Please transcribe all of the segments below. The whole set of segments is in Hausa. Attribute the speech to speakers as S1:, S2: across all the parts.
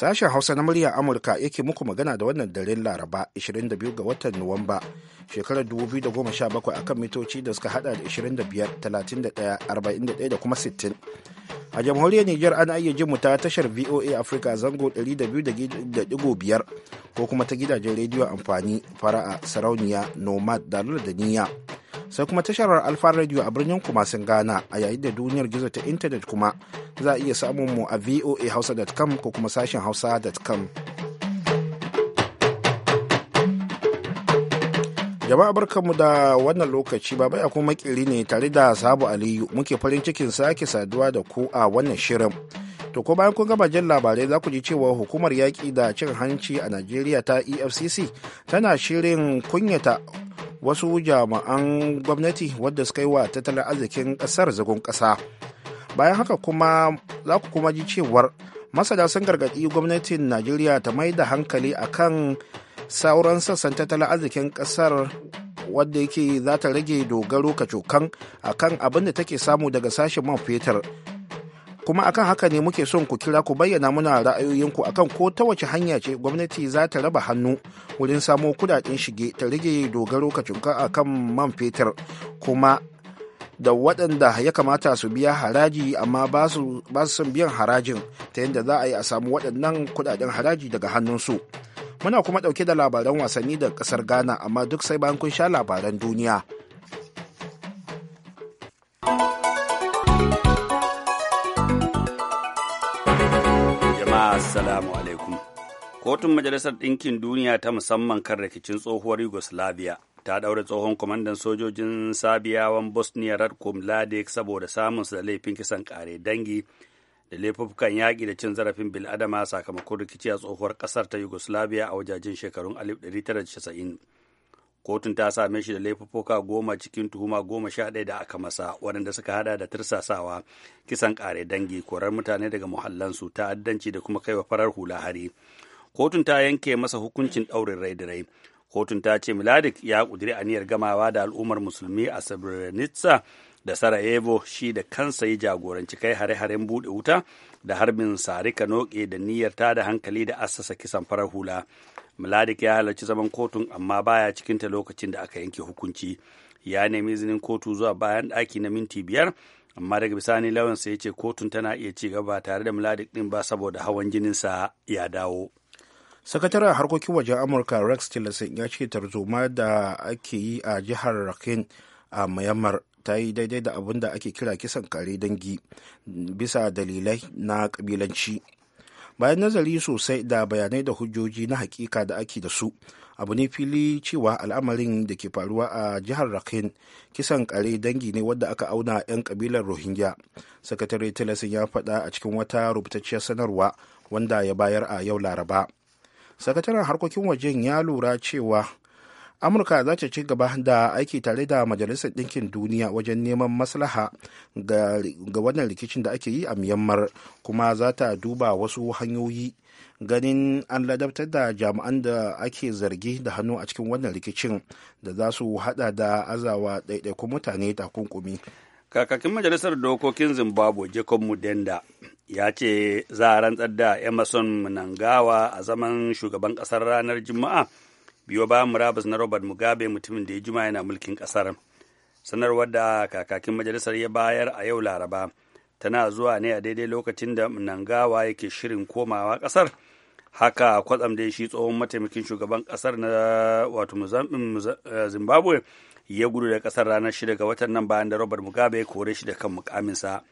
S1: Sashen Hausa na murya Amurka yake muku magana da wannan daren Laraba 22 ga watan Nuwamba shekarar 2017 akan mitoci da suka hada da 25, 31, 41 da kuma 60. a jamhuriyar niger ana iya jin mu ta tashar voa africa zango 200.5 ko kuma ta gidajen rediyo amfani fara'a sarauniya nomad da da niyya sai kuma tashar alfa radio a birnin kumasin ghana a yayin da duniyar gizo ta intanet kuma za a iya samun mu a voa hausa.com ko kuma sashen hausa.com jama'a barkanmu da wannan lokaci ba ya kuma makiri ne tare da sabu aliyu muke farin cikin sake saduwa da ku a wannan shirin to ko bayan kun gama jin labarai za ku ji cewa hukumar yaƙi da cin hanci a najeriya ta efcc tana shirin kunyata wasu jami'an gwamnati wadda suka yi wa tattalin arzikin ƙasar zagon ƙasa bayan haka kuma za ku kuma ji cewar masana sun gargaɗi gwamnatin najeriya ta mai da hankali akan sauran sassan tattalin arzikin kasar wadda yake za ta rage dogaro kacokan kan abin da take samu daga sashen man fetur kuma akan haka ne muke son ku kira ku bayyana muna ra'ayoyinku akan ko ta wace hanya ce gwamnati za ta raba hannu wurin samo kudaden shige ta rage dogaro kacokan kan man fetur kuma da waɗanda ya kamata su biya haraji amma ba su son biyan harajin ta yadda za a yi a samu waɗannan kudaden haraji daga hannunsu. su Muna kuma ɗauke da labaran wasanni da ƙasar Ghana amma duk sai bayan kun sha labaran duniya.
S2: Jama'a Assalamu alaikum. Kotun Majalisar Ɗinkin Duniya ta musamman kan rikicin tsohuwar Yugoslavia ta ɗaure tsohon kwamandan sojojin Sabiyawan Bosnia Radko Mladic saboda samunsa da laifin kisan ƙare dangi da laifukan yaƙi da cin zarafin bil'adama sakamakon rikici a tsohuwar ƙasar ta yugoslavia a wajajen shekarun 1990 kotun ta same shi da laifuka goma cikin tuhuma goma sha ɗaya da aka masa waɗanda suka hada da tirsasawa kisan ƙare dangi korar mutane daga muhallansu ta'addanci da kuma kaiwa farar hula hari kotun ta yanke masa hukuncin ɗaurin rai da rai kotun ta ce miladik ya ƙudiri aniyar gamawa da al'ummar musulmi a srebrenica da sarajevo shi da kansa ya jagoranci kai hare-haren buɗe wuta da harbin sarika noke da niyyar da hankali da assasa kisan farar hula muladik ya halarci zaman kotun amma baya cikin ta lokacin da aka yanke hukunci ya nemi izinin kotu zuwa bayan ɗaki na minti biyar amma daga bisani lawansa ya ce kotun tana iya ci gaba tare da muladik ɗin ba saboda hawan jinin sa ya dawo
S1: sakataren harkokin wajen amurka rex tillerson ya ce tarzoma da ake yi a jihar rakhine a myanmar ta yi daidai da abin da ake kira kisan kare dangi bisa dalilai na kabilanci bayan nazari sosai da bayanai da hujjoji na hakika da ake da su abu ne fili cewa al'amarin da ke faruwa a jihar rakhine kisan kare dangi ne wadda aka auna 'yan kabilar rohingya sakatare tilasin ya faɗa a cikin wata rubutacciyar sanarwa wanda ya bayar a yau laraba sakataren harkokin wajen ya lura cewa amurka za ta ci gaba da aiki tare da majalisar ɗinkin duniya wajen neman maslaha ga, wannan rikicin da ake yi a myanmar kuma za ta duba wasu hanyoyi ganin an ladabtar da jami'an da ake zargi da hannu a cikin wannan rikicin da za su hada da azawa ɗaiɗaikun mutane takunkumi
S2: kakakin majalisar dokokin zimbabwe jacob mudenda ya ce za a rantsar da emerson mnangawa a zaman shugaban ƙasar ranar juma'a biyo bayan murabus na robert mugabe mutumin da ya juma yana mulkin kasar sanarwar da kakakin majalisar ya bayar a yau laraba tana zuwa ne a daidai lokacin da nangawa yake shirin komawa kasar haka kwatsam da shi tsohon mataimakin shugaban kasar na wato mm, eh, zimbabwe ya gudu da kasar ranar shida ga watan nan bayan da robert mugabe ya kore shi da kan mukaminsa.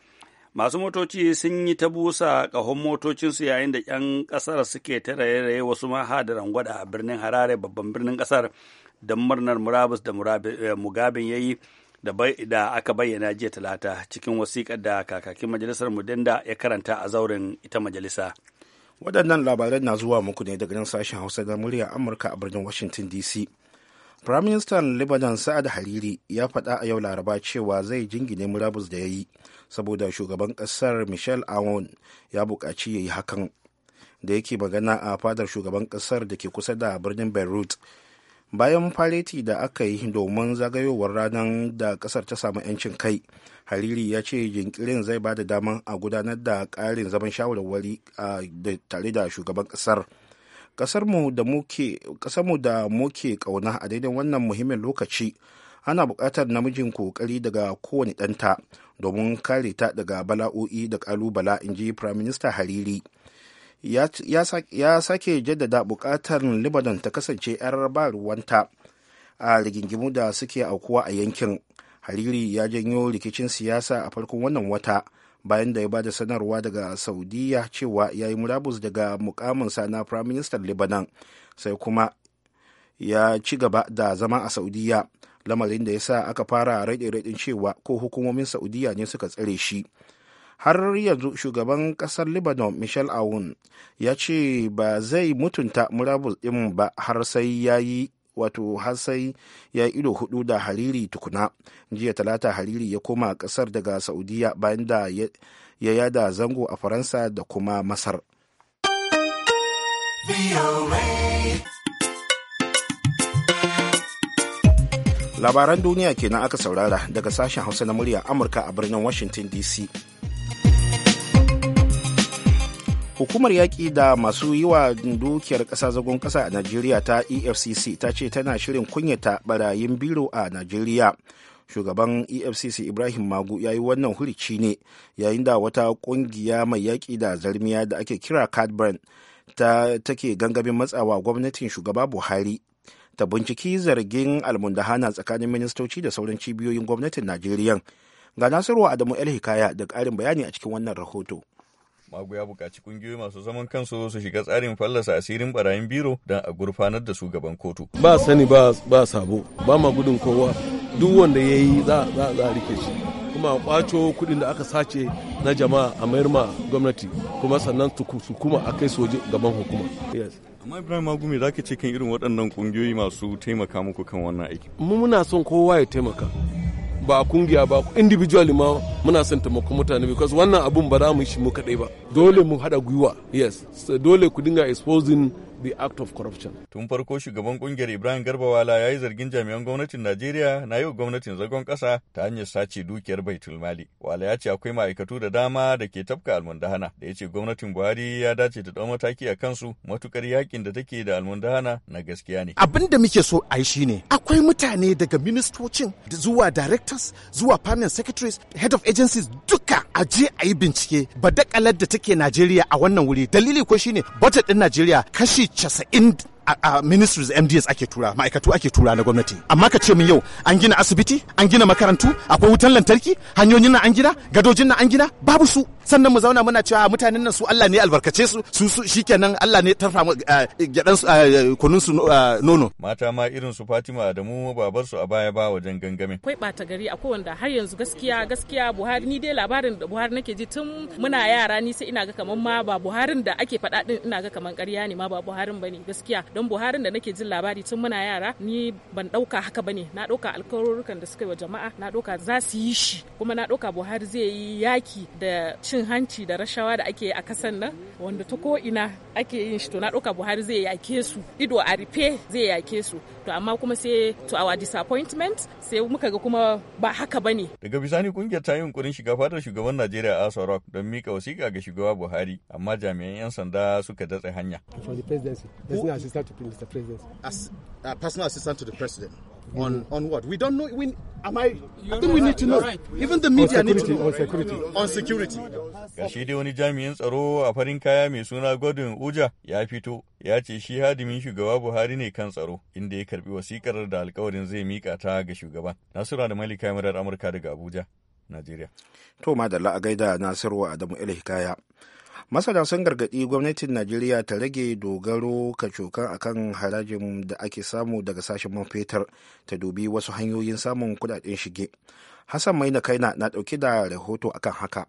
S2: masu motoci sun yi ta busa ƙahon motocinsu yayin da 'yan ƙasar suke ta raye-raye wasu mahadaran gwada a birnin harare babban birnin ƙasar da murnar murabus da eh, mugabin ya yi da aka bayyana jiya talata cikin wasiƙar da kakakin majalisar mudinda ya karanta a zauren ita majalisa
S1: waɗannan labaran na zuwa muku ne daga nan sashen hausa na murya amurka a birnin washington dc Firaministan Lebanon Sa'ad Hariri ya faɗa a yau Laraba cewa zai jingine murabus da ya yi saboda shugaban ƙasar Michel Aoun ya buƙaci ya yi hakan. Da yake magana a fadar shugaban ƙasar da ke kusa da birnin Beirut. Bayan faleti da aka yi domin zagayowar ranar da ƙasar ta samu 'yancin kai, Hariri ya ce jinkirin zai ba da dama a gudanar da ƙarin zaman shawarwari tare da shugaban ƙasar. ƙasarmu da muke kauna a daidai wannan muhimmin lokaci ana buƙatar namijin kokari daga kowane ɗanta domin kare ta daga bala'o'i da ƙalubala in ji minister hariri ya sake jaddada buƙatar libanon ta kasance 'yar ba ruwanta a rigingimu da suke aukuwa a yankin hariri ya janyo rikicin siyasa a farkon wannan wata bayan da ya ba da sanarwa daga saudiya cewa ya yi murabus daga mukaminsa na prime minister lebanon sai kuma ya ci gaba da zama a saudiya lamarin da ya sa aka fara raɗe-raɗin cewa ko hukumomin saudiya ne suka tsare shi har yanzu shugaban ƙasar lebanon michel aoun ya ce ba zai mutunta murabus ɗin ba har sai ya yi wato har sai ya ido hudu da hariri tukuna jiya talata hariri ya koma kasar daga saudiya bayan da ya yada zango a faransa da kuma masar labaran duniya kenan aka saurara daga sashen hausa na murya amurka a birnin washington dc hukumar yaƙi da masu yi wa dukiyar ƙasa zagon ƙasa a najeriya ta efcc ta ce tana shirin kunyata barayin biro a najeriya shugaban efcc ibrahim magu ya yi wannan hurici ne yayin da wata ƙungiya mai yaƙi da zarmiya da ake kira cadburn ta take gangamin matsawa gwamnatin shugaba buhari ta binciki zargin almundahana tsakanin ministoci da sauran cibiyoyin gwamnatin najeriya ga nasiru adamu el hikaya da ƙarin bayani a cikin wannan rahoto
S3: Magu ya buƙaci ƙungiyoyi masu zaman kansu su shiga tsarin fallasa asirin barayin biro don a gurfanar da su gaban kotu. Ba sani
S4: ba sabo, ba ma gudun kowa, duk wanda ya yi za a rike shi. kuma kwaco kudin da aka sace na jama'a a mayar ma gwamnati kuma sannan su kuma a kai soji gaban hukuma
S3: amma ibrahim magumi za ka ce kan irin waɗannan ƙungiyoyi masu taimaka muku kan wannan aiki
S4: mu muna son kowa ya taimaka ba kungiya ba individually ma muna son taimakon mutane because wannan abun ba za mu shi mu kadai ba dole
S3: mun haɗa gwiwa yes dole ku dinga exposing the act of corruption. Tun farko shugaban kungiyar Ibrahim Garbawala ya yi zargin jami'an gwamnatin Najeriya na yau gwamnatin zagon kasa ta hanyar sace dukiyar Baitul Mali. Wala ya ce akwai ma'aikatu da dama da ke tafka almundahana da ya ce gwamnatin Buhari ya dace ta ɗau mataki a kansu matukar yakin da take da almundahana na gaskiya ne.
S5: Abin da muke so a yi shine akwai mutane daga ministocin zuwa directors zuwa permanent secretaries head of agencies duka a je a yi bincike ba da da take suke Najeriya a wannan wuri dalili ko shine budget din Najeriya kashi 90 a, a ministries MDS ake tura ma'aikatu ake tura na gwamnati amma ka ce min yau an gina asibiti an gina makarantu akwai wutan lantarki hanyoyin nan an gina gadojin nan an gina babu su sannan mu zauna muna cewa mutanen nan su Allah ne albarkace su su shikenan Allah ne tarfa eh, gyadan eh, kunun su eh,
S3: nono mata ma irin su Fatima Adamu babar su a baya ba wajen gangame
S4: akwai bata gari akwai wanda har yanzu gaskiya gaskiya Buhari ni dai labarin da Buhari nake ji tun muna yara ni sai ina ga kaman ma ba Buharin da ake fada din ina ga kaman ƙarya ne ma ba Buharin bane gaskiya don Buharin da nake jin labari tun muna yara ni ban dauka haka bane na dauka alkawarurukan da suka yi wa jama'a na dauka za su yi shi kuma na dauka Buhari zai yi yaki da cin cin hanci da rashawa da ake yi a kasan nan wanda ta ko ina ake yin shi to na ɗauka Buhari zai yake su ido a rufe zai yake su to amma kuma sai to our disappointment sai muka ga kuma ba haka bane
S3: daga bisani kungiyar ta yi yunkurin shiga fadar shugaban Najeriya Asa Rock don mika wasiƙa ga shugaba Buhari amma jami'an 'yan sanda suka datse hanya
S5: uh, the president on mm. on what? We don't know. We, am I? you I think we need to know. Right. Even the media need to On security. On security.
S3: Gashi dai wani jami'in tsaro a farin kaya mai suna Godwin Uja ya fito ya ce shi hadimin shugaba Buhari ne kan tsaro inda ya karbi wasikar da alkawarin zai mika ta ga shugaban. Nasura da Malika Murar Amurka daga Abuja, Najeriya.
S1: To madalla a gaida Nasiru Adamu Ilhikaya. masana sun gargaɗi gwamnatin najeriya ta rage dogaro kacokan akan harajin da ake samu daga sashen man fetur ta dubi wasu hanyoyin samun kudaden shige hassan
S4: mai na kaina na ɗauke da rahoto akan haka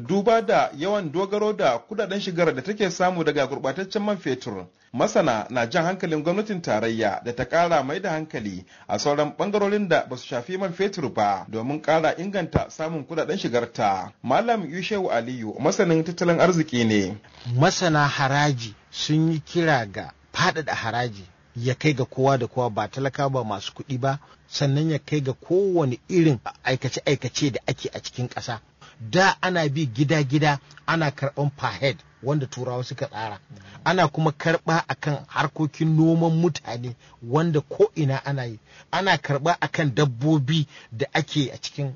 S4: duba da yawan dogaro da kudaden shigar da take samu daga gurbataccen man fetur masana na jan hankalin gwamnatin tarayya da ta kara mai da hankali a sauran bangarorin da ba su shafi man fetur ba domin kara inganta samun kudaden shigarta malam yushewu aliyu masanin tattalin arziki ne
S5: masana haraji sun yi kira ga faɗaɗa haraji ya kai ga kowa da kowa ba talaka ba masu kuɗi ba sannan ya kai ga kowane irin aikace-aikace da ake a cikin ƙasa da ana bi gida-gida ana karɓan fahed wanda turawa suka tsara ana kuma karɓa akan harkokin noman mutane wanda ko ina ana yi ana karɓa akan dabbobi da ake a cikin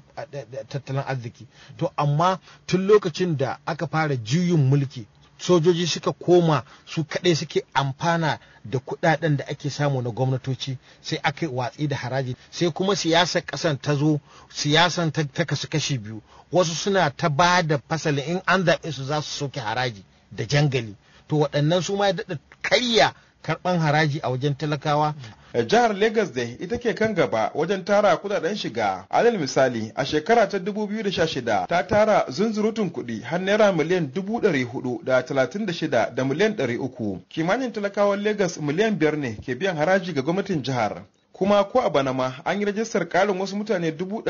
S5: tattalin arziki to amma tun lokacin da aka fara juyin mulki sojoji suka koma su kaɗai suke amfana da kuɗaɗen da ake samu na gwamnatoci sai aka watsi da haraji sai kuma siyasar ƙasan ta zo siyasan ta kasu kashi biyu wasu suna ta ba da fasalin in an zaɓe su za su soke haraji da jangali to waɗannan su ma ya daɗa karya karɓan haraji a wajen
S4: talakawa Eh, jihar Legas da ita ke kan gaba wajen tara kudaden shiga. Alal misali a shekara ta 2016 ta tara zunzurutun kuɗi har naira miliyan 436 da miliyan 300. Kimanin talakawan Legas miliyan biyar ne ke biyan haraji ga gwamnatin jihar. kuma ko a bana ma an yi rajistar karin wasu mutane dubu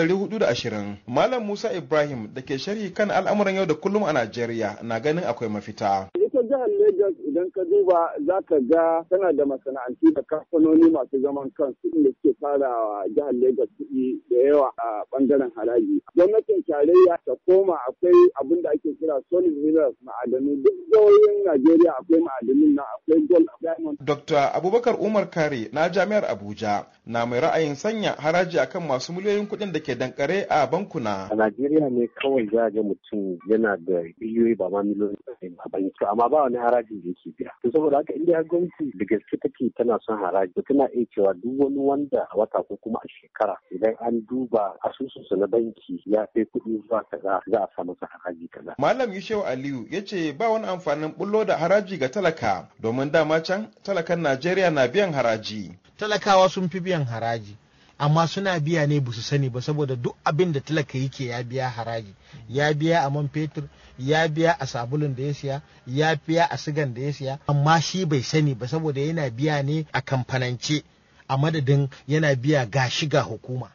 S4: Malam Musa Ibrahim da ke sharhi kan al'amuran yau da kullum a Najeriya na ganin akwai mafita.
S6: ita jihar Lagos idan ka duba za ka ga tana da masana'antu da kamfanoni masu zaman kansu inda suke fara jihar Lagos kuɗi da yawa a bangaren haraji. Gwamnatin tarayya ta koma akwai abin da ake kira solid minerals ma'adanu duk jihohin Najeriya akwai ma'adanin na akwai gold diamond.
S4: Dr. Abubakar Umar Kare na Jami'ar Abuja na mai ra'ayin sanya haraji akan masu miliyoyin kuɗin da ke dankare a bankuna. A
S6: Najeriya ne kawai za ga mutum yana da biliyoyi ba ma miliyoyi a banki amma ba wani haraji da yake biya to saboda haka inda gwamnati da gaske take tana son haraji to tana iya cewa duk wani wanda a wata ko kuma a shekara idan an duba asusunsa na banki ya kai kuɗi zuwa kaza za a sa masa haraji kaza
S4: malam Yushef aliyu ya ce ba wani amfanin bullo da haraji ga talaka domin dama can talakan najeriya na biyan haraji
S5: talakawa sun fi biyan haraji amma suna biya ne ba su sani ba saboda duk abin da talaka yake ya biya haraji ya biya a man fetur ya biya a sabulun da ya siya ya biya a sigan da ya siya amma shi bai sani ba saboda yana biya ne a kamfanance a madadin yana biya ga shiga hukuma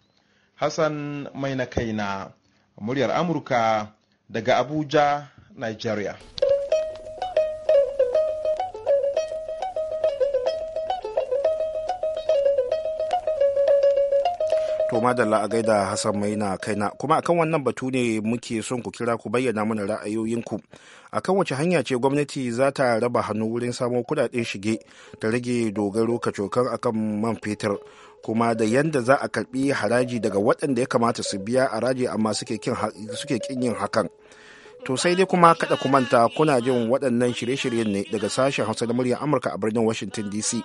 S4: hassan mai na kaina muryar amurka daga abuja nigeria
S1: To madalla a gaida Hassan Maina kaina kuma akan wannan batu ne muke son ku kira ku bayyana mana ra'ayoyinku akan wace hanya ce gwamnati za ta raba hannu wurin samo kudaden shige ta rage dogaro kacokan akan man fetur kuma da yadda za a karbi haraji daga waɗanda ya kamata su biya haraji amma suke kin yin hakan. To sai dai kuma kada ku manta kuna jin waɗannan shirye-shiryen ne daga sashen Hausa da muryar Amurka a birnin Washington DC.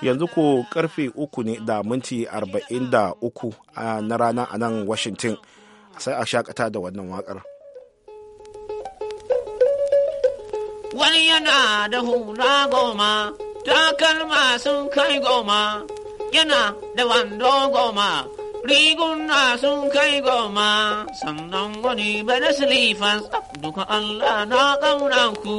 S1: Yanzu ko karfe uku ne da minti arba'in da uku na rana a nan Washington. Sai a shakata da wannan wakar.
S7: Wani yana da hula goma, takalma sun kai goma, yana da wando goma. riguna sun kai goma sannan wani bane silifan duka Allah na ƙauna ku.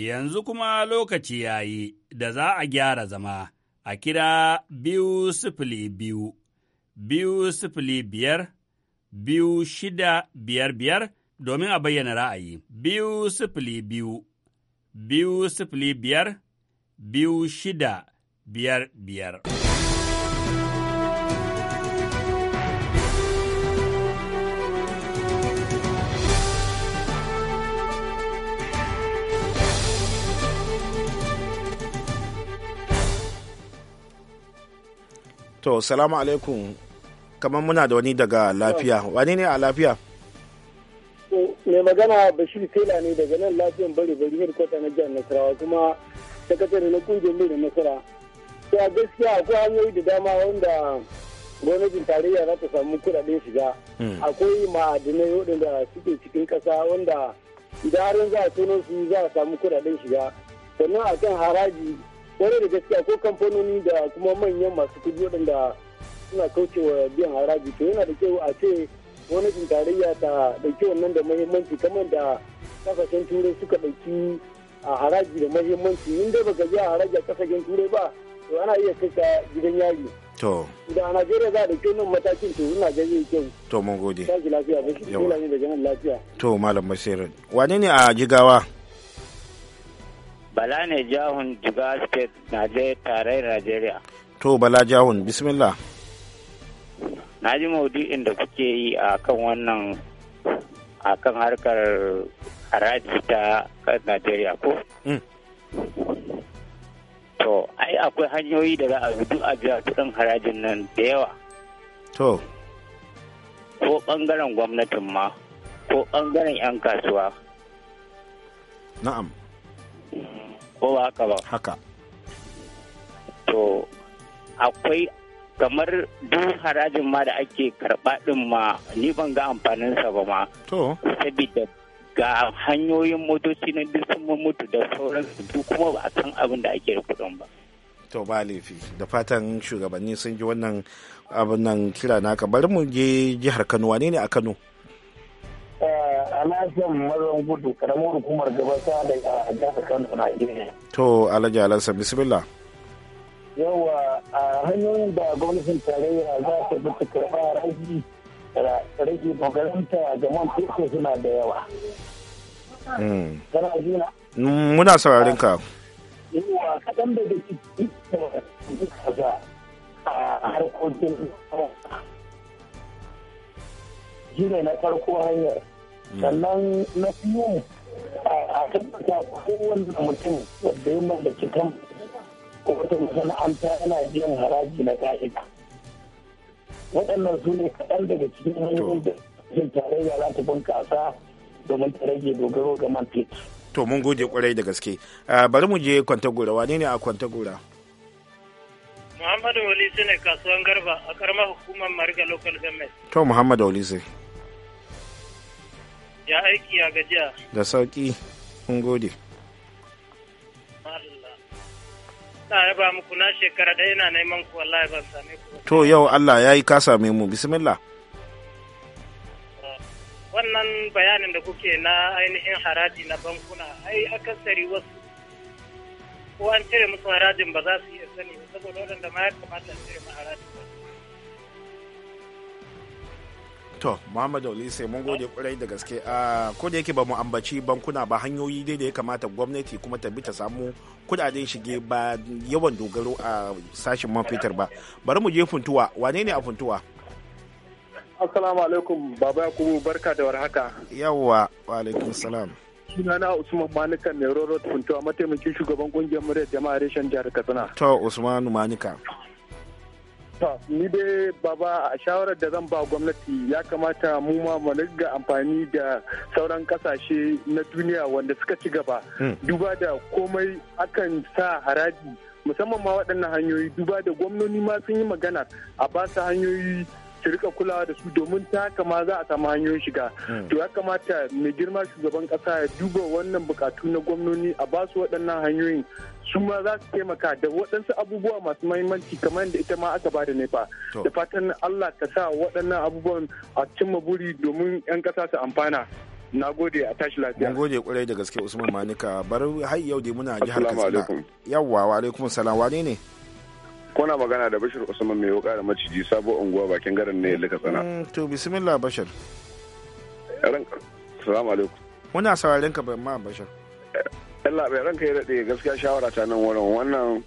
S2: Yanzu kuma lokaci ya yi da za a gyara zama a kira biyu sifili biyu, biyu sifili biyar, biyu shida biyar biyar domin a bayyana ra'ayi, biyu sifili biyu. biu sepuluh biar, biu shida biar biar.
S1: To, salamu alaikum, kamar muna da wani daga lafiya, wani ne a lafiya?
S6: mai magana bashir tela ne daga nan lafiyan bari bari kwata na jihar nasarawa kuma sakatare na kungiyar mai da nasara to a gaskiya akwai hanyoyi da dama wanda gwamnatin tarayya za ta samu kuɗaɗen shiga hmm. akwai ma'adinai waɗanda suke cikin kasa wanda idan har za a tono su za a samu kuɗaɗen shiga sannan a kan haraji wani da gaskiya ko kamfanoni da kuma manyan masu kuɗi waɗanda suna kaucewa biyan haraji to yana da kyau a ce gwamnatin tarayya ta ɗauki wannan da mahimmanci kamar da kasashen turai suka ɗauki a haraji da mahimmanci in dai baka a haraji a kasashen turai ba to ana iya kai ka gidan yari to da a najeriya za a ɗauki wannan matakin to ina ga zai kyau
S1: to mun gode tashi
S6: lafiya ba shi ne da jihar lafiya
S1: to malam basiru wane ne a jigawa
S8: bala ne jahun jigawa state najeriya tarayyar najeriya
S1: to bala jahun bismillah
S8: na ji maudu'in da kuke yi a kan wannan a kan harkar haraji ta najeriya ko mm. to ai akwai hanyoyi da za a duk a biya kudin harajin nan da yawa to ko bangaren gwamnatin ma ko bangaren 'yan kasuwa na'am ko ba haka ba haka to akwai kamar duk harajin ma da ake karɓa ɗin ma ni ban ga amfaninsa ba ma. To. Sabida ga hanyoyin motoci na duk sun mutu da sauran duk kuma ba a san abin da ake da kuɗin ba.
S1: To ba laifi da fatan shugabanni sun ji wannan abin nan kira naka bari mu je jihar Kano wane ne a Kano?
S5: Eh, Alhassan
S6: Mazan Gudu, karamar hukumar gabasa da jihar Kano na
S1: To Alhaji Alhassan, bismillah.
S6: yawa a hanyoyin da gwamnatin tarayya za ta bi ta karɓa rage rage makaranta ga man fetur suna da yawa. Hmm. Kana jina?
S1: Muna saurarin ka.
S6: Yawa kaɗan da ciki kaza a harkokin jire na farko hanyar. Hmm. Sannan na fiye a ta kowanne mutum da ya mallaki kamfani ko wata masana'anta yana biyan haraji na ka'ida
S1: waɗannan su ne kaɗan daga cikin hanyoyin da cikin tarayya za ta bunƙasa domin ta rage dogaro ga man fetur. to mun gode kwarai da gaske bari mu je kwantagora wane ne a kwantagora
S5: muhammadu walisi ne kasuwan garba a karamar hukumar marga local government
S1: to muhammadu walisi
S5: ya aiki ya gajiya
S1: da sauki mun gode
S5: Allah ya ba muku na shekara ɗaya na neman ku wallahi To
S1: yau Allah ya yi kasa same mu bismillah.
S5: Wannan bayanin da kuke na ainihin haraji na bankuna ai akasari wasu ko an cire musu harajin ba za su iya sani saboda waɗanda ma ya kamata a cire ma haraji.
S1: to muhammad sai mun gode kurai da gaske a ko da yake ba mu ambaci bankuna ba hanyoyi dai da ya kamata gwamnati kuma ta bi ta samu kudaden shige ba yawan dogaro a sashen man fetur ba bari mu je funtuwa wane ne a funtuwa
S6: assalamu alaikum baba yakubu barka da warhaka
S1: yawwa wa alaikum salam
S6: sunana usman manika ne roro funtuwa mataimakin shugaban kungiyar Murya jama'a reshen jihar katsina
S1: to usman manika
S6: ni dai baba a shawarar da zan ba gwamnati ya kamata mu ma mu amfani da sauran kasashe na duniya wanda suka ci gaba hmm. duba da komai akan sa haraji musamman ma waɗannan hanyoyi duba da gwamnoni ma sun yi magana a ba su hanyoyi su rika kulawa da su domin ta kama za a samu hanyoyin shiga hmm. to ya kamata mai girma shugaban kasa ya duba wannan bukatu na gwamnoni a basu waɗannan hanyoyin su ma za su taimaka da waɗansu abubuwa masu mahimmanci kamar da ita ma aka ba da nefa da fatan Allah ka sa waɗannan abubuwan a cimma buri domin 'yan ƙasa su amfana na gode a tashi
S1: lafiya mun gode kwarai da gaske Usman Manika bar har yau dai muna jihar Katsina yawwa wa alaikum salam wane ne
S6: kuna magana da bashir usman mai wuka da maciji sabo unguwa bakin garin
S1: ne lika tsana mm, to bismillah bashir ranka salamu alaikum muna sauraren ka ma bashir
S6: Allah bai ranka ya daɗe gaskiya shawara ta nan wurin wannan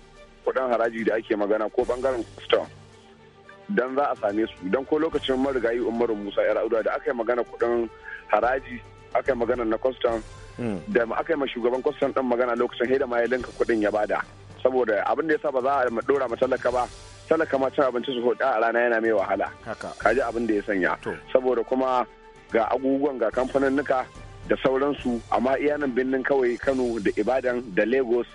S6: kuɗin haraji da ake magana ko bangaren custom dan za a same su dan ko lokacin marigayi umaru musa yar da aka yi magana kuɗin haraji aka yi magana na custom mm. da aka yi ma shugaban custom ɗin magana lokacin haida ma ya linka kuɗin ya bada saboda abin da ya sa ba za a dora ma talaka ba talaka ma cin abinci su hudu a rana yana mai wahala ji abin da ya sanya saboda kuma ga abubuwan ga nuka da sauransu amma iya nan birnin kawai kano da ibadan da lagos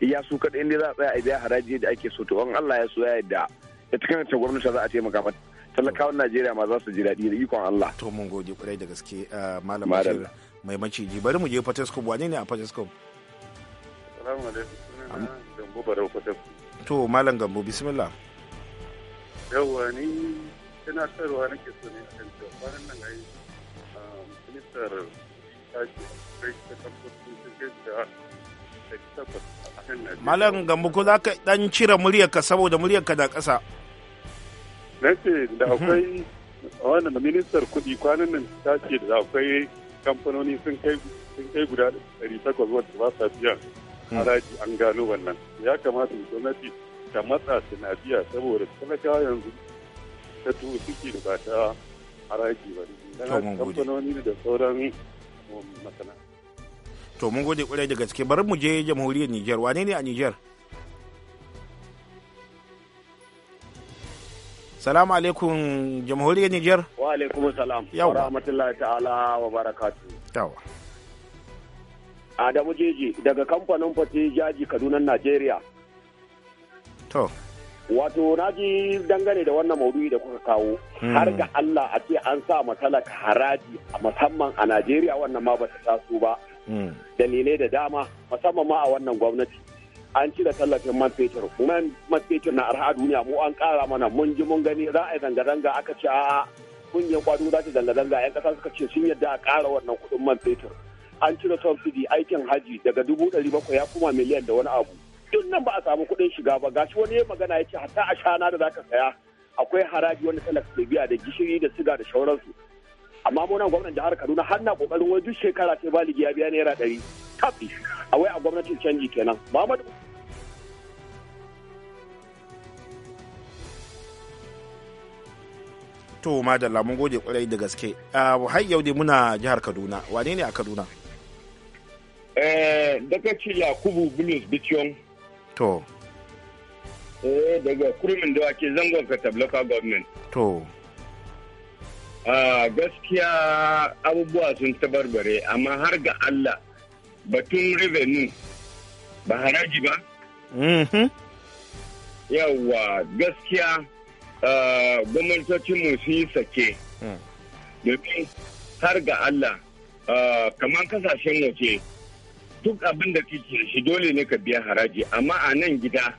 S6: iya su kaɗai inda za a tsaya a biya haraji da ake so to in allah ya so ya yadda da ta kanta gwamnati za a taimaka mata talakawan najeriya ma za su ji daɗi da ikon allah
S1: to mun gode kwarai da gaske eh, malam bashir mai maciji bari mu je fataskum wane ne a fataskum gambo baran to malam gambo bismillah
S6: yawwa ni tana tsarwa nake so ne a kan cewa kwanan nan ai ah, ministar Malam Gambo
S1: ko za ka dan cire muryarka saboda muryarka da ƙasa.
S6: Na ce da mhm. akwai wannan ministar kuɗi kwanan nan ta ce da akwai kamfanoni sun kai guda 800 wadda ba sa biya Mm. haraji an gano wannan ya kamata gwamnati ta matsa sinadiya saboda talakawa yanzu ta tuwo suke da ba ta haraji ba ne kamfanoni da sauran um, masana
S1: to mun gode kwarai da gaske bari mu je jamhuriyar Nijar wane ne a Nijar salamu alaikum jamhuriyar Nijar
S6: wa alaikum salam wa rahmatullahi ta'ala wa barakatuh Adamu Jeji daga kamfanin fati jaji Kaduna Najeriya. To. Wato na ji dangane da wannan maudu'i da kuka kawo hmm. har ga Allah a ce an sa matalaka haraji musamman a Najeriya wannan ma bata taso ba. Hmm. Dalilai da dama musamman ma a wannan gwamnati. An cire tallafin man fetur, man fetur na arha duniya mu an kara mana mun ji mun gani za a yi zanga-zanga aka ce a kungiyar kwado za ta zanga-zanga 'yan kasa suka ce sun yadda a kara wannan kuɗin man fetur. an cire subsidy aikin haji daga dubu ɗari bakwai ya kuma miliyan da wani abu duk nan ba a samu kuɗin shiga ba gashi wani ya magana ya ce hatta a shana da zaka saya akwai haraji wanda talaka ke biya da gishiri da siga da shauransu amma mu nan gwamnan jihar Kaduna har na kokarin wai duk shekara sai baligi ya biya naira ɗari kafi a wai a gwamnatin canji kenan Muhammad
S1: to madalla mun gode kwarai da gaske ah, har yau dai muna jihar Kaduna wane ne a Kaduna
S6: Eh, daga ci Yakubu Bulus Bichon. To. Eh, daga kurmin da wake zangon ka Local Government. To. Uh, gaskiya abubuwa sun tabarbare amma har ga Allah batun revenue ba haraji ba? Mm-hmm. Yawwa gaskiya ah, gwamnatocinmu sun yi sake. Mm. Domin har ga Allah ah, kamar kasashen waje. duk abin da kake shi dole ne ka biya haraji amma a nan gida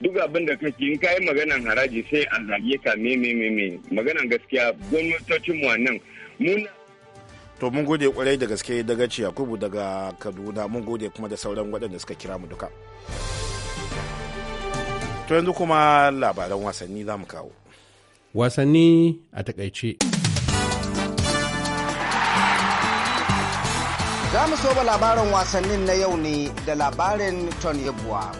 S6: duk abin da kake in kai maganan haraji sai a zage ka me me me me maganan gaskiya gwamnatocin mu nan
S1: mun to mun gode kwarai da gaske daga Yakubu daga Kaduna mun gode kuma da sauran wadanda suka kira mu duka to yanzu kuma labaran wasanni za mu kawo
S4: wasanni
S3: a takaice
S8: Za mu soba labarin wasannin na yau ne da labarin Tony Ebuwa.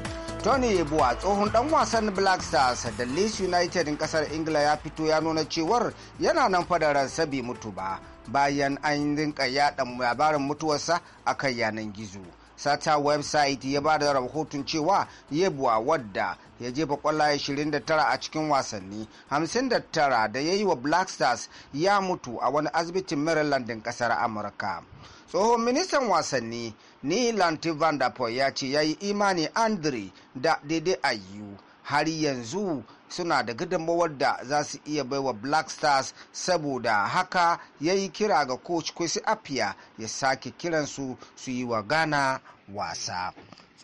S8: Tony Ebuwa tsohon dan wasan Black Stars da Leeds United in kasar Ingila ya fito ya nuna cewar yana nan fadaran sabi mutu ba bayan an rinka yaɗa labarin mutuwarsa a kan yanan gizo. Sata website ya ba da rahoton cewa Yebuwa wadda ya jefa kwallaye 29 a cikin wasanni 59 da ya yi wa Black Stars ya mutu a wani asibitin Maryland din kasar Amurka. tsohon ministan wasanni ni lanti van ya ce ya yi imani andre da daidai ayu har yanzu suna da gudunmawar da za su iya baiwa black stars saboda haka ya yi kira ga coach kwesi apia ya sake kiransu su yi wa ghana wasa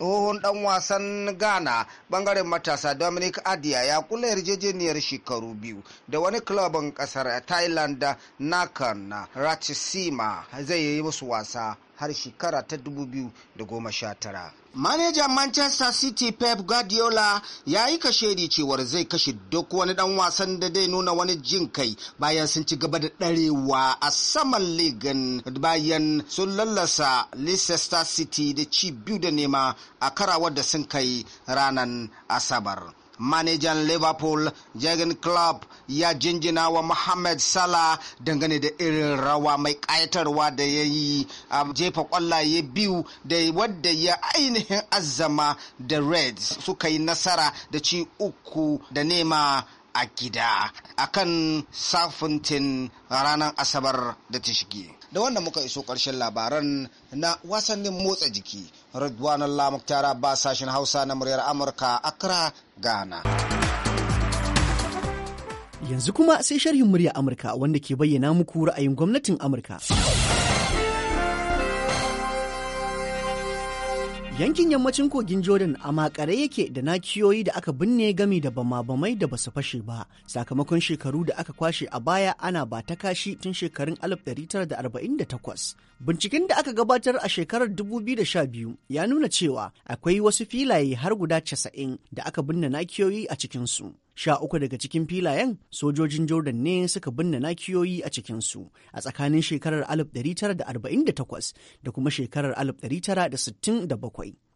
S8: tsohon dan wasan ghana bangaren matasa dominic adia ya kula yarjejeniyar shekaru biyu da wani klabin kasar thailand nakan ratisima zai yi musu wasa har shekara ta 2019. Manajan Manchester City Pep Guardiola ya yi kashedi cewar zai kashe duk wani dan wasan da zai nuna wani jin kai bayan sun ci gaba da ɗarewa a saman ligan bayan sun lallasa Leicester City da ci biyu da nema a karawar da sun kai ranar Asabar. manajan liverpool jagen klopp ya jinjina wa mohamed salah dangane da irin rawa mai kayatarwa da ya yi a jefa kwallaye biyu da wadda ya ainihin azama da reds suka yi nasara da ci uku da nema a gida a kan safintin ranar asabar da ta shige da wannan muka iso ƙarshen labaran na wasannin motsa jiki Ridwan Allah Muktara ba sashen Hausa na muryar Amurka
S7: Accra Ghana. Yanzu kuma sai sharhin murya Amurka wanda ke bayyana muku ra'ayin gwamnatin Amurka. Yankin yammacin kogin Jordan a makare yake da nakiyoyi da aka binne gami da bama-bamai da basu fashe ba, sakamakon shekaru da aka kwashe a baya ana ba ta kashi tun shekarun 1948. Binciken da aka gabatar a shekarar 2012 ya nuna cewa akwai wasu filaye har guda 90 da aka binne nakiyoyi a cikinsu. sha uku daga cikin filayen sojojin jordan ne suka binne nakiyoyi a cikinsu a tsakanin shekarar 1948 da kuma shekarar 1967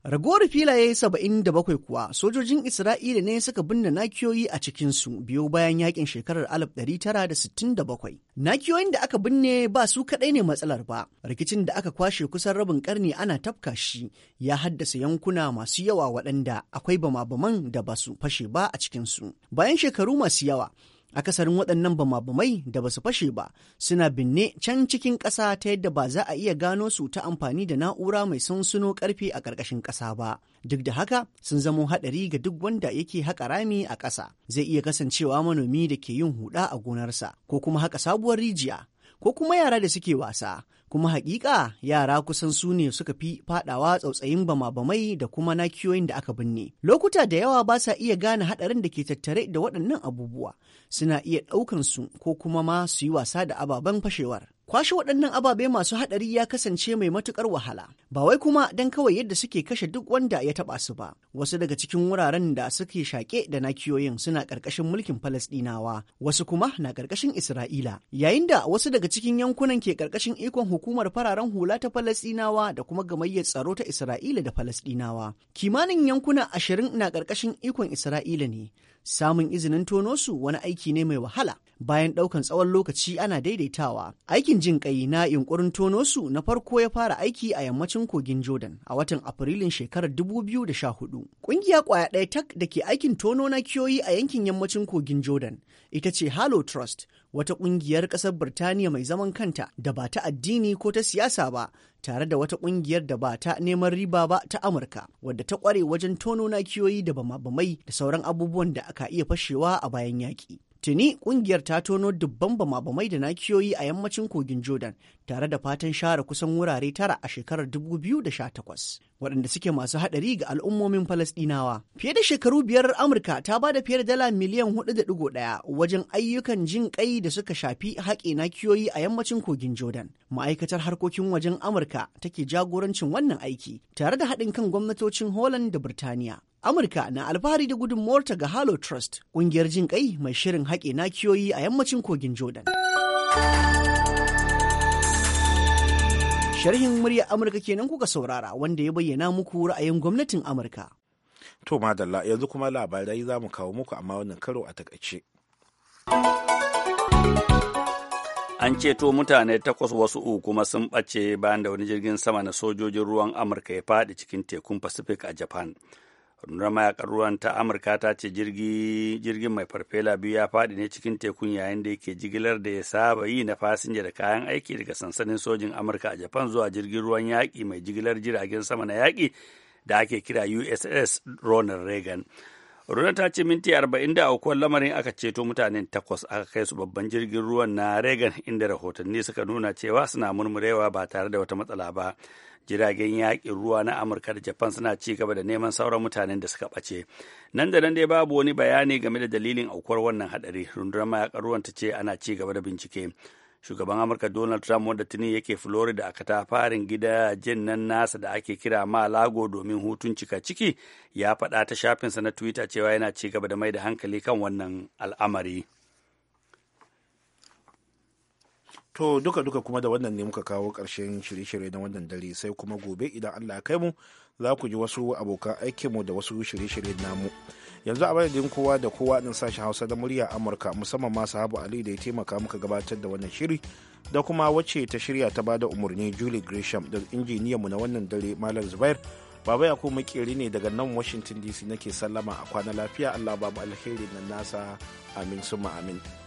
S7: Ragowar filaye saba'in da bakwai kuwa sojojin Isra'ila ne suka binne nakiyoyi a cikinsu biyo bayan yakin shekarar 1967. Nakiyoyin da aka binne ba su kaɗai ne matsalar ba, rikicin da aka kwashe kusan rabin karni ana tafka shi ya haddasa yankuna masu yawa waɗanda akwai bama-baman da ba su fashe ba a cikinsu. Bayan shekaru masu yawa, akasarin waɗannan bama-bamai da ba su fashe ba suna binne can cikin ƙasa ta yadda ba za a iya gano su ta amfani da na'ura mai sansuno ƙarfe a ƙarƙashin ƙasa ba duk da haka sun zamo haɗari ga duk wanda yake haƙa rami a ƙasa zai iya kasancewa manomi da ke yin huɗa a gonarsa ko kuma haƙa sabuwar rijiya ko kuma yara da suke wasa kuma hakika yara kusan su ne suka fi fadawa tsautsayin bama-bamai da kuma nakiyoyin da aka binne lokuta da yawa ba sa iya gane hadarin da ke tattare da waɗannan abubuwa suna iya ɗaukan su ko kuma ma su yi wasa da ababen fashewar Kwashe waɗannan ababe masu haɗari ya kasance mai matuƙar wahala, ba wai kuma don kawai yadda suke kashe duk wanda ya taɓa su ba. Wasu daga cikin wuraren da suke shaƙe da nakiyoyin suna ƙarƙashin mulkin Falasɗinawa, wasu kuma na ƙarƙashin Isra'ila. Yayin da wasu daga cikin yankunan ke ƙarƙashin ikon hukumar fararen hula ta Falasɗinawa da kuma gamayyar tsaro ta Isra'ila da Falasɗinawa. Kimanin yankuna ashirin na ƙarƙashin ikon Isra'ila ne. Samun izinin tono su wani aiki ne mai wahala. bayan ɗaukan tsawon lokaci ana daidaitawa. Aikin jin ƙai na yunkurin tono su na farko ya fara aiki a yammacin kogin Jordan a watan Afrilun shekarar 2014. Ƙungiya ƙwaya ɗaya tak da ke aikin tono na kiyoyi a yankin yammacin kogin Jordan ita ce Halo Trust, wata ƙungiyar ƙasar Birtaniya mai zaman kanta da ba ta addini ko ta siyasa ba, tare da wata ƙungiyar da ba ta neman riba ba ta Amurka, wadda ta ƙware wajen tono na kiyoyi da bama-bamai da sauran abubuwan da aka iya fashewa a bayan yaƙi. Tuni ƙungiyar ta tono dubban bama-bamai da nakiyoyi a yammacin kogin Jordan tare da fatan share kusan wurare tara a shekarar 2018 waɗanda suke masu haɗari ga al'ummomin Falasɗinawa. Fiye da shekaru biyar Amurka ta ba da fiye da dala miliyan 4.1 wajen ayyukan jin ƙai da suka shafi haƙe nakiyoyi a yammacin kogin Jordan. Ma'aikatar harkokin wajen Amurka take jagorancin wannan aiki tare da haɗin kan gwamnatocin Holland da Birtaniya. Amurka na alfahari da morta ga Halo Trust, ƙungiyar jin ƙai mai shirin haƙe na kiyoyi a yammacin kogin Jordan. Sharhin murya Amurka kenan kuka saurara wanda ya bayyana muku ra'ayin gwamnatin Amurka. To madalla yanzu
S1: kuma labarai za mu kawo muku amma wannan karo a takaice.
S2: An ceto mutane takwas wasu uku kuma sun ɓace bayan da wani jirgin sama na sojojin ruwan Amurka ya faɗi cikin tekun Pacific a Japan. rundunar mayakan ruwan ta amurka ta ce jirgin mai farfela biyu ya faɗi ne cikin tekun yayin da yake jigilar da ya saba yi na fasinja da kayan aiki daga sansanin sojin amurka a japan zuwa jirgin ruwan yaƙi mai jigilar jiragen sama na yaƙi da ake kira uss ronald reagan Runa ta ce minti arba'in da aukuwar lamarin aka ceto mutanen takwas aka kai su babban jirgin ruwan na Reagan inda rahotanni suka nuna cewa suna murmurewa ba tare da wata matsala ba. Jiragen yaƙin ruwa na Amurka da Japan suna ci gaba da neman sauran mutanen da suka ɓace. Nan da nan dai babu wani bayani game da dalilin aukuwar wannan haɗari. Rundunar mayakan ruwan ta ce ana ci gaba da bincike. shugaban amurka donald trump wanda tuni yake florida a katafarin gidajen nan nasa da ake kira ma lago domin hutun cika ciki ya faɗa ta shafinsa na twitter cewa yana ci gaba da mai da hankali kan wannan al'amari
S1: to duka-duka kuma da wannan ne muka kawo ƙarshen shirye-shirye na wannan dare sai kuma gobe idan allah kai mu za ku ji wasu abokan aikinmu da wasu shirye-shirye namu. mu yanzu a madadin kowa da kowa din sashen hausa da murya amurka musamman masu sahabu ali da ya taimaka muka gabatar da wannan shiri da kuma wacce ta shirya ta bada umarni julie gresham da mu na wannan dare malam zubair baba ya kuma makeri ne daga nan washington dc nake sallama a kwana lafiya allah babu alheri na nasa amin suma amin